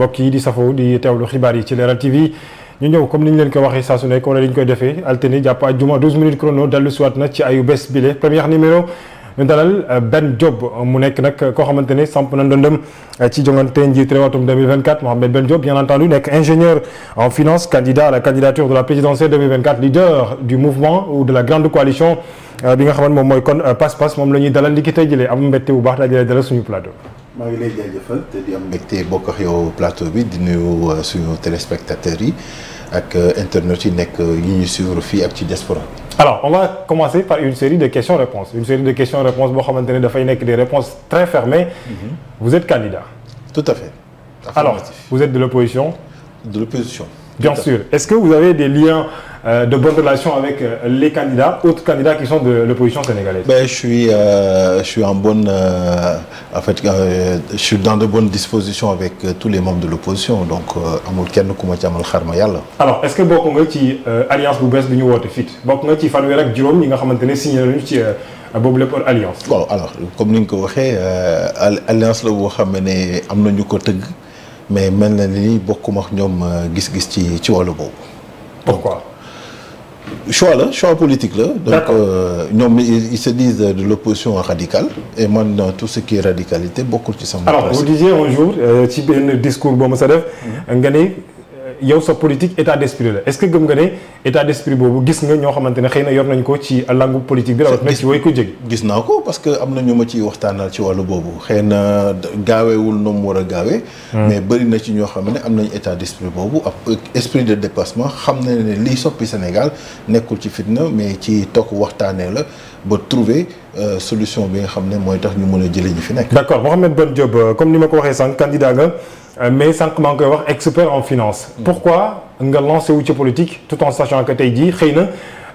bokk yi di safoo di teewlu xibaar yi ci Leral TV ñu ñëw comme ni ñu leen ko waxee saa su nekk wala li ñu koy defee altine jàpp àjjuma 12 minutes chrono dellu siwaat na ci ayu bile première numéro ñu dalal euh, Ben Diop mu nekk nag koo xamante ne samp na ndëndëm euh, ci jongante njiit réew atum 2024 Mohamed Ben bien entendu nekk ingénieur en finance candidat la candidature de la présidentielle leader du mouvement de la grande coalition euh, bi nga xamante moom mooy kon passe moom la ñuy dalal li ki tey jëlee am mbette maa ngi lay jaajëfal te di am mbégte bokk ak yow plateau bi di nuyu euh, suñu téléspectateurs yi ak euh, internautes yi nekk euh, yu ñu suivre fii ak ci diaspora alors on va commencer par une série de questions-réponses une série de questions-réponses boo xamante ne dafay nekk des réponses très fermées. Mm-hmm. vous êtes candidat. tout à fait. alors vous êtes de l'opposition. de l'opposition. bien sûr est-ce que vous avez des liens. euh, de bonnes relations avec euh, les candidats, autres candidats qui sont de l'opposition sénégalaise ben, je, suis, euh, je suis bonne... Euh, en fait, je suis dans de bonnes dispositions avec tous les membres de l'opposition, donc amul kenn ku ma ci amal xar ma yàlla. alors est-ce que bokk nga ci alliance bu bees bi ñu woote FIT bokk nga ci fanweer ak juróom ñi nga xamante ne signé nañu ci. boobu lépp alliance. waaw alors comme ni nga ko waxee alliance la boo xam ne am na ñu ko tëgg mais mel na ni bokkuma ak ñoom gis-gis ci ci wàllu boobu. pourquoi. choix la choix politique la. donc euh, ñoom euh, ils, ils se disent de l'opposition radicale et man tout ce qui est radicalité bokkul ci sama. alors vous disiez un jour euh, ci benn discours boo ma sa def mhm. nga ni. yow sa politique état d'esprit la est-ce que gëm nga ne état d'esprit boobu gis nga ñoo xamante ne xëy na yor nañ ko ci langue politique bi rawatina ci way ko jég gis naa ko parce que am na ñu ma ciy waxtaanal ci wàllu boobu na gaawewul nu war a gaawee hmm. mais bëri na ci ñoo xam ne am nañ état d'esprit boobu ab esprit de xam na ne liy soppi Sénégal nekkul ci fitna mais ci toog waxtaanee la ba trouver euh, solution bi nga xam ne mooy tax ñu mën a jëlee ñi fi nekk d'accord Mouhamed Bane Diop euh, comme ni ma ko waxee sànq candidat nga Euh, mais sànq maa ngi koy wax expert en finance. Mm. pourquoi nga lancé wu ci politique tout en sachant que tey jii xëy na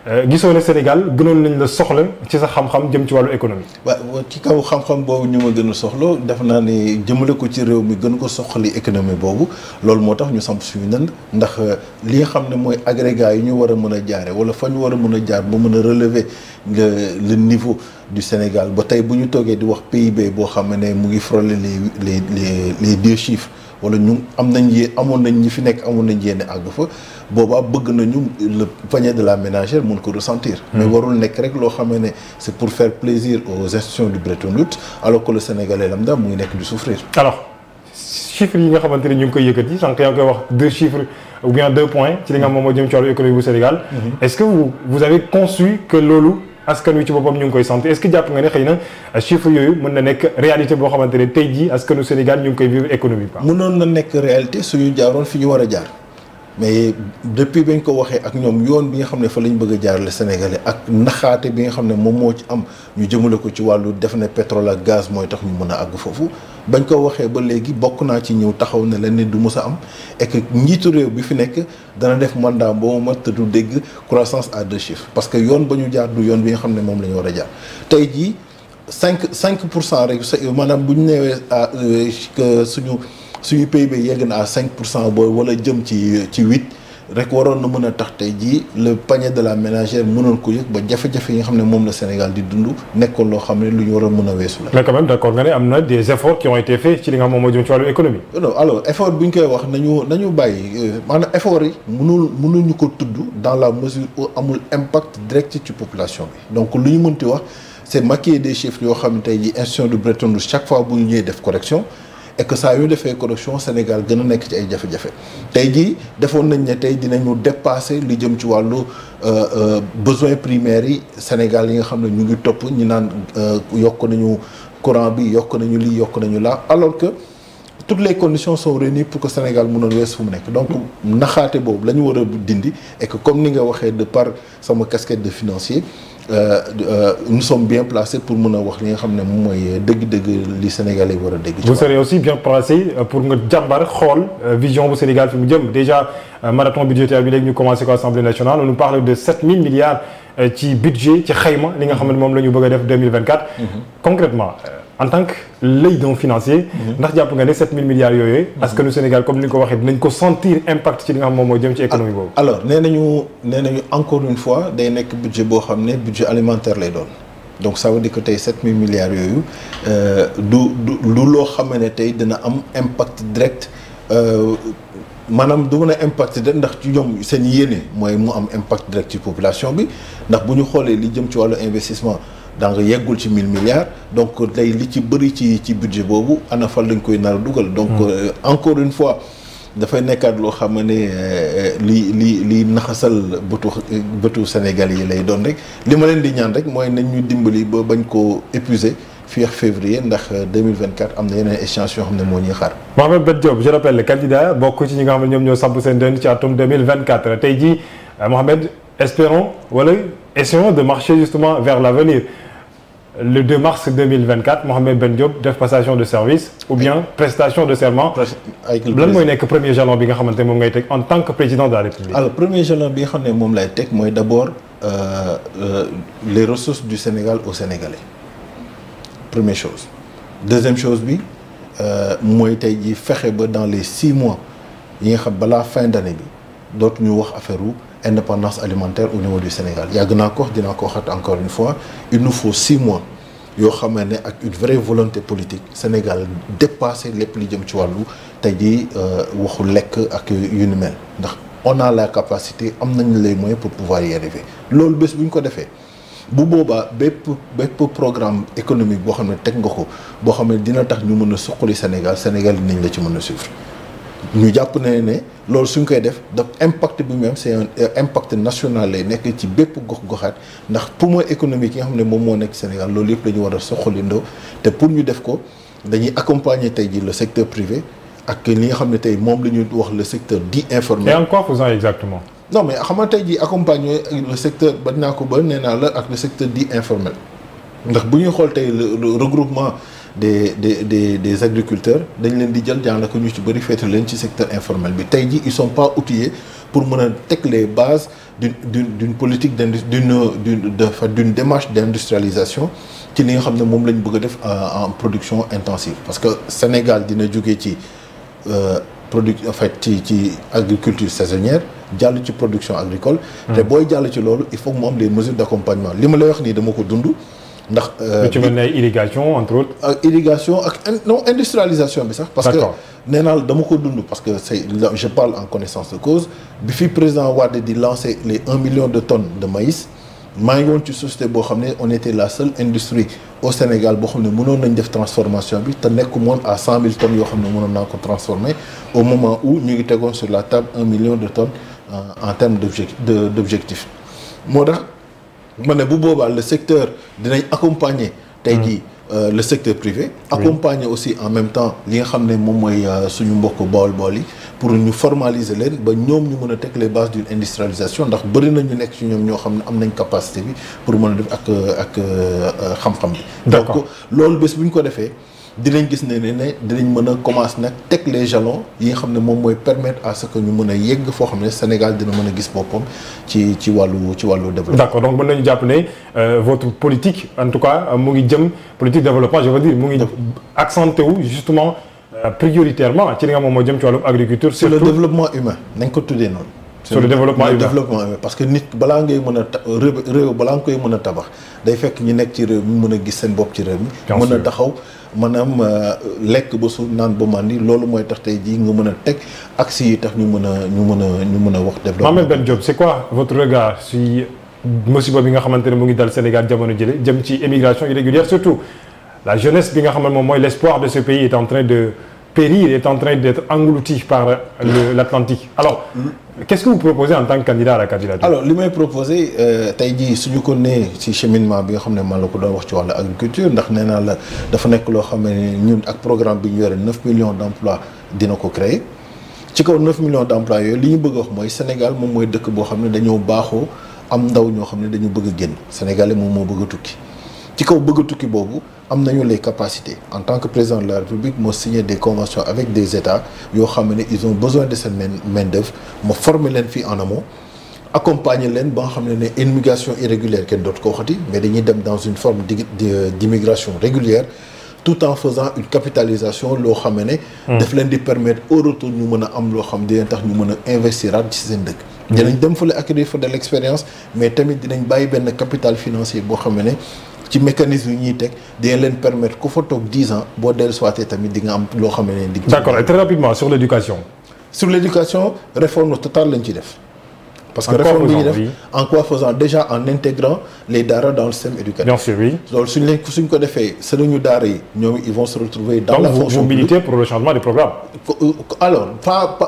euh, gisoo ne Sénégal gënoon nañ la soxla ci sa xam-xam jëm ci wàllu économie. waaw ci kaw xam-xam boobu ñu ma gën a soxla def naa ne jëmale ko ci réew mi gën ko soxali économie boobu loolu moo tax ñu samp suñu nan ndax euh, li nga xam ne mooy agrégat yi ñu war a mën a jaare wala fa ñu war a mën a jaar ba mën a relever le le niveau. du Sénégal ba tey bu ñu toogee di wax PIB boo xam mu ngi frôler les les les les deux chiffres. wala ñu am nañ yéen amoon nañ ñi fi nekk amoon nañ yéene àgg fa boobaa bëgg nañu le panier de la ménagère mun hmm. nekk rek loo xamee ne c' est pour faire plaisir aux institutions du Bretton Woods ngi nekk di souffrir. alors chiffres yi nga xamante ni ñu ngi koy yëkkati sànq yaa ngi koy wax deux chiffres ou bien deux points ci li nga moom moo jëm ci wàllu économie bu Sénégal. Hmm. est ce que vous vous avez conçu que loolu. askan wi ci boppam ñu ngi koy sant est jàpp nga ne xëy na euh, chiffre yooyu mën na nekk réalité boo xamante ne tey jii askanu Sénégal ñu ngi koy vivre économie bi. mënoon na nekk réalité suñu jaaroon fi ñu war a jaar mais depuis bañ ko waxee ak ñoom yoon bi nga xam ne fa lañ bëgg a jaarale sénégalais ak naxaate bi nga xam ne moom moo ci am ñu jëmale ko ci wàllu def ne pétrole ak gaz mooy tax ñu mën a àgg foofu bañ ko waxee ba léegi bokk naa ci ñëw taxaw ne leen ne du mës a am et njiitu réew bi fi nekk dana def mandat boo ma te du dégg croissance à deux chiffres parce que yoon ba ñu jaar du yoon bi nga xam ne moom lañu war a jaar tey jii cinq cinq pour cent rek maanaam bu ñu neewee euh, suñu suñu PIB yegg na à cinq pour cent booy wala jëm ci ci huit rek waroon na mën a tax tey jii le panier de la ménagère mënoon ko yëg ba jafe-jafe yi nga xam ne moom la Sénégal di dund nekkoon loo xam ne lu ñu war a mën a weesu la. mais quand même d'accord am na des efforts qui ont été faits ci li nga xam euh, ñu koy wax nañu nañu bàyyi euh, maanaam effort yi mënul mënuñu ko tudd dans la mesure amul impact direct ci population bi donc lu ñu mënti wax c'est maquiller des chiffres yoo xam ne tey jii institution de Bretton Woods chaque fois bu ñu ñëwee def correction. et que saa yoo defee correction Sénégal gën a nekk ci ay jafe-jafe tey jii defoon nañ ne tey dinañu dépasser li jëm ci wàllu euh, euh, besoin primaire yi Sénégal yi nga xam ne ñu ngi topp ñu naan euh, yokk nañu courant bi yokk nañu lii yokk nañu laa alors que toutes les conditions sont réunies pour que Sénégal mënoon wees fu mu nekk donc naxaate boobu la ñu war a dindi et comme ni nga waxee de par sama casquette de financier euh, euh, nous bien placés pour mën a wax li nga xam ne moom mooy dëgg-dëgg li Sénégalais war a dégg. vous serez aussi bien placé euh, pour nga jàmbar xool euh, vision bu Sénégal fi mu jëm déjà euh, marathon budgétaire bi léegi ñu commencé ko assemblée nationale on nous parle de 7000 milliards ci budget ci xayma li nga xam ne moom la ñu bëgg a def 2024. Mm-hmm. concrètement en tant que l'œil d'un financier. Mhm. ndax jàpp nga ne 7000 milliards yooyu. Mhm. askanu Sénégal comme ni nga ko waxee dinañ ko sentir impact ci li nga xam moom moo jëm ci économie ah, nee nañu nee nañu fois day nekk budget boo xam ne budget alimentaire lay doon. donc ça veut dire que tey 7000 milliards yooyu euh, du du du loo xam ne tey dina am impact direct euh, maanaam du mën a impact direct ndax ci jom seen yéene mooy mu am impact direct ci population bi ndax bu ñu xoolee li jëm ci wàllu investissement. donc yeggul ci mille milliards donc tey li ci bëri ci ci budget boobu ana fan lañ koy nar a dugal. donc hmm. euh, encore une fois dafay nekkaat loo xam ne euh, li li li naxasal bëtu bëtu Sénégal yi lay doon rek li ma leen di ñaan rek mooy nañ ñu dimbali ba bañ koo épuiser. fii février ndax 2024 euh, am na yeneen échéances yoo xam ne moo ñuy xaar. Mohamed Ben Diop je rappelle candidat bokk ci ñi nga xam ne ñoom ñoo samp seen dënn ci atum 2024 tey jii Mohamed espérons wala essayons de marcher justement vers la avenir. le 2 mars 2024 Mohamed Ben Diop def passation de service ou bien prestation de serment. lan mooy nekk premier jalon bi nga xamante moom ngay teg en tant que président de la République. alors premier jalon bi nga xam ne moom lay teg mooy d'abord euh, euh, les ressources du Sénégal aux Sénégalais première chose. deuxième chose bi euh, mooy tey ji fexe ba dans les six mois yi nga xam balaa fin d'année bi. dootuñu wax affaire indépendance alimentaire au niveau du Sénégal yàgg naa ko dina ko waxat encore une fois il nous faut six mois yoo xam ne ak une vraie volonté politique Sénégal dépassé lépp lu jëm ci wàllu tey jii euh, waxu lekk ak yu ni ndax on la capacité am nañu les moyens pour pouvoir y arriver loolu bés bu ñu ko defee bu boobaa bépp bépp programme économique boo xam ne teg nga ko boo xam ne dina tax ñu mën a suqali Sénégal Sénégal dinañ la ci mën a suivre. ñu jàpp ne ne loolu suñ koy def daf impact bi même c'est un euh, impact national lay nekk ci bépp gox-goxaat ndax poumon économique yi nga xam ne moom moo nekk Sénégal loolu yëpp la ñu war a soxalindoo te pour ñu def ko dañuy accompagner tey jii le secteur privé ak li nga xam ne tey moom la ñu wax le secteur dit informel. et en quoi faisant exactement. non xam nga tey jii accompagner le secteur ba naa ko ba nee naa la ak le secteur dit informel ndax bu ñuy xool tey le regroupement. des des des agriculteurs dañ leen di jël daanaka ñu ci bëri féetal leen ci secteur informel bi tey ji ils sont pas outillés pour mën a teg les bases du d'une d'une politique d' d'une d'une dafa d'une démarche d' industrialisation ci li nga xam ne moom lañ bëgg a def en production intensive parce que Sénégal dina jóge ci euh, produit en fait ci ci agriculture saisonnière jàll ci production agricole hmm. te booy jàll ci loolu il faut que mu am les mesures d' li ma lay wax nii dama ko dund ndax. lu ci mel ne irrigation entre autres. ak euh, irrigation ak industrialisation bi sax. parce que nee naa la dama ko dund parce que c'est je parle en connaissance de cause bi fi président Wade di lancer les un million de tonnes de maïs. maa ngi woon ci société boo xam ne on était la seule industrie au Sénégal boo xam ne mënoon nañ def transformation bi te nekku moon à cent mille tonnes yoo xam ne mënoon naa ko transformer au moment où ñu ngi tegoon sur la table un million euh, en termes d'objectif d'objectif moo tax ma ne bu boobaa le secteur dinañ accompagner. tey jii euh, le secteur privé. accompagner aussi en même temps li nga xam ne moom mooy euh, suñu mbokk bool-bool yi pour ñu formaliser leen ba ñoom ñu mën a teg les bases d'une industrialisation ndax bëri na ñu nekk ci ñoom ñoo xam ne am nañ capacité bi pour mën a ak euh, ak xam-xam bi. donc loolu bés bu ñu ko defee. dinañ gis ne ne ne dinañ mën a commencer nag teg les jalons yi nga xam ne moom mooy permettre à ce que ñu mën a yegg foo xam ne Sénégal dina mën a gis boppam ci ci wàllu ci wàllu développement. d'accord donc mën nañu jàpp ne euh, votre politique en tout cas euh, mu ngi jëm politique développement je veux mu ngi accenté wu justement euh, prioritairement ci li nga moom moo jëm ci wàllu agriculture. surtout sur le développement humain nañ ko tuddee noonu. sur le développement humain développement humain parce que nit balaa ngay mën a ta réew nga koy mën a tabax day fekk ñu nekk ci réew mi mën a gis seen bopp ci réew mi. mën a taxaw. maanaam euh, lekk ba su naan ba màndi loolu mooy tax tey jii nga mën a teg axe yi tax ñu mën a ñu mën a ñu mën a wax def Mame Ben Diop c'est quoi votre regard si musiba bi nga xamante ne mu ngi dal Sénégal jamono jële jëm ci émigration irrégulière surtout la jeunesse bi nga xamante moom mooy l'espoir de ce pays est en train de périt, il est en train d'être englouti par l'Atlantique. Alors, qu'est-ce que vous proposez li may proposé euh, tey jii suñu ko nee ci cheminement bi nga xam ne man la ko doon wax ci wàllu agriculture ndax nee naa la dafa nekk loo xam ne ñun ak programme bi ñu yore 9 millions d'emplois dina ko créer ci kaw 9 millions d'emplois yooyu li ñu bëgg wax mooy Sénégal moom mooy dëkk boo xam ne dañoo baaxoo am ndaw ñoo xam ne dañoo bëgg a génn Sénégalais moom moo bëgg a tukki ci kaw bëgg tukki boobu am nañu les capacité en tant que président de la république moo signé des conventions avec des états yoo xam ne ils ont besoin de seen main main ma former leen fii en amont accompagner leen ba nga xam ne ne immigration irrégulière kenn dootu ko waxati mais dañuy dem dans une forme d'immigration régulière tout en capitalisation loo xam ne. Hmm. daf leen di permettre au retour mën a am loo xam dina tax ñu mën a investiraat ci seen dëkk. dinañ hmm. dem fële acquérir de l'expérience mais tamit dinañ bàyyi benn capital financier boo xam ne. ci mécanisme yi ñuy teg dina leen permettre ku fa toog dix ans boo dellusiwaatee tamit di nga am loo xam ne leen di. d'accord et très rapidement sur l'éducation. sur l'éducation réforme totale lañ ci def. parce que réforme bi ñu def en quoi faisant déjà en intégrant les daara dans le système éducatif. bien sûr oui loolu suñ leen ko defee sëriñu daara yi ñoom ils vont se retrouver dans la fonction publique donc vous militez pour le changement du programme. Euh, alors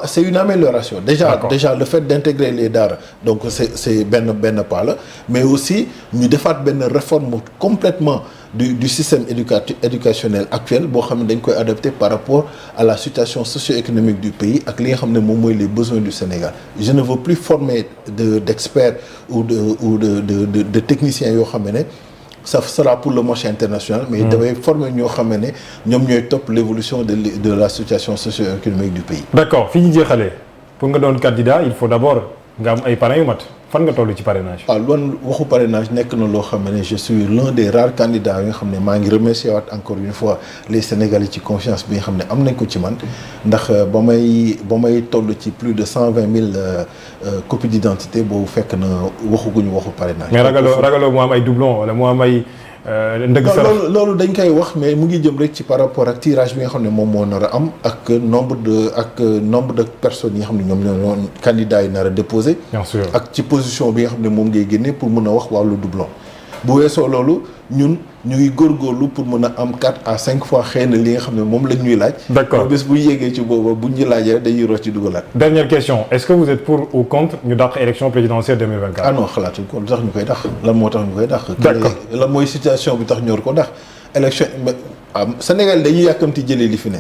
c'est une amélioration. déjà déjà le fait d'intégrer les daara donc c'est c'est benn benn pas la mais aussi ñu defaat benn réforme complètement du du système éducati éducationnel actuel boo xam ne dañ koy adapté par rapport à la situation socio-économique du pays ak li nga xam ne moom mooy les besoins du Sénégal je ne veux plus former de d'experts ou de ou de de de, de techniciens yoo xam ne sa sera pour le marché international. mais hmm. damay former ñoo xam ne ñoom ñooy topp l'évolution de de la situation socio-économique du pays. d'accord fi ñu jeexalee pour nga doon candidat il faut d'abord nga am ay parrains yu mat. fan nga toll ci parenage waaw ah, loolu waxu parrainage nekk na loo xam ne je suis l'un des rares candidats yi nga xam ne maa ngi remercier waat encore une fois les Sénégalais ci confiance bi nga xam ne am nañ ko ci man ndax euh, ba may ba may toll ci plus de cent vingt mille euh, euh, copies d'identité boobu fekk na waxuguñu waxu parrainage. mais ragaloo ragaloo mu am ay doublons wala mu am ay. ndëgg euh, sa loolu loolu dañ koy wax mais mu ngi jëm rek ci par rapport ak tirage bi nga xam ne moom moo nar am ak nombre de ak nombre de personnes yi nga xam ne ñoom ñoo ñoo candidats yi nar a déposé. bien sûr ak ci position bi nga xam ne moom ngay génne pour mën a wax wàllu doublon bu weesoo loolu ñun. ñu ngi góorgóorlu pour mën a am quatre à cinq fois xëy na li nga xam ne moom lañ ñuy laaj. d' accord bés bu yéegee ci booba bu ñu laajee dañuy roc ci dugalaat. dernière question est ce que vous êtes pour ou contre ñu dàq élection présidentielle 2024. ah non xalaatul ko lu tax ñu koy dàq lan moo tax ñu koy dàq. d' accord lan mooy situation bi tax ñor ko dàq. élection ah, Sénégal dañuy yàkkamti jëlee li fi ne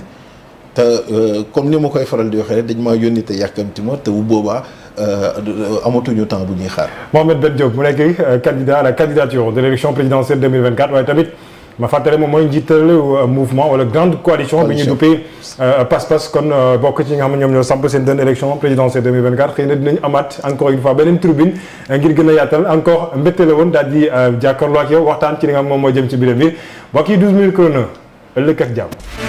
te euh, comme ni ma koy faral di waxee dañ maa yónni te yàkkamti ma te bu boobaa. Euh, amatuñu temps bu ñuy xaar. Mohamed Ben Diop mu nekk euh, candidat à la candidature de l' élection présidentielle 2024 waaye tamit ma fàttali moom mooy njiital euh, mouvement wala grande coalition bi ñu duppee Pass-Pass kon bokk ci nga xam ñoom ñoo samp seen den élection présidentielle 2024 xëy na dinañ amaat encore une fois beneen tribune ngir gën a yaatal encore mbette la woon daal di jàkkaarloo ak waxtaan ci li nga xam moom moo jëm ci biir bi bokk yi 12 minutes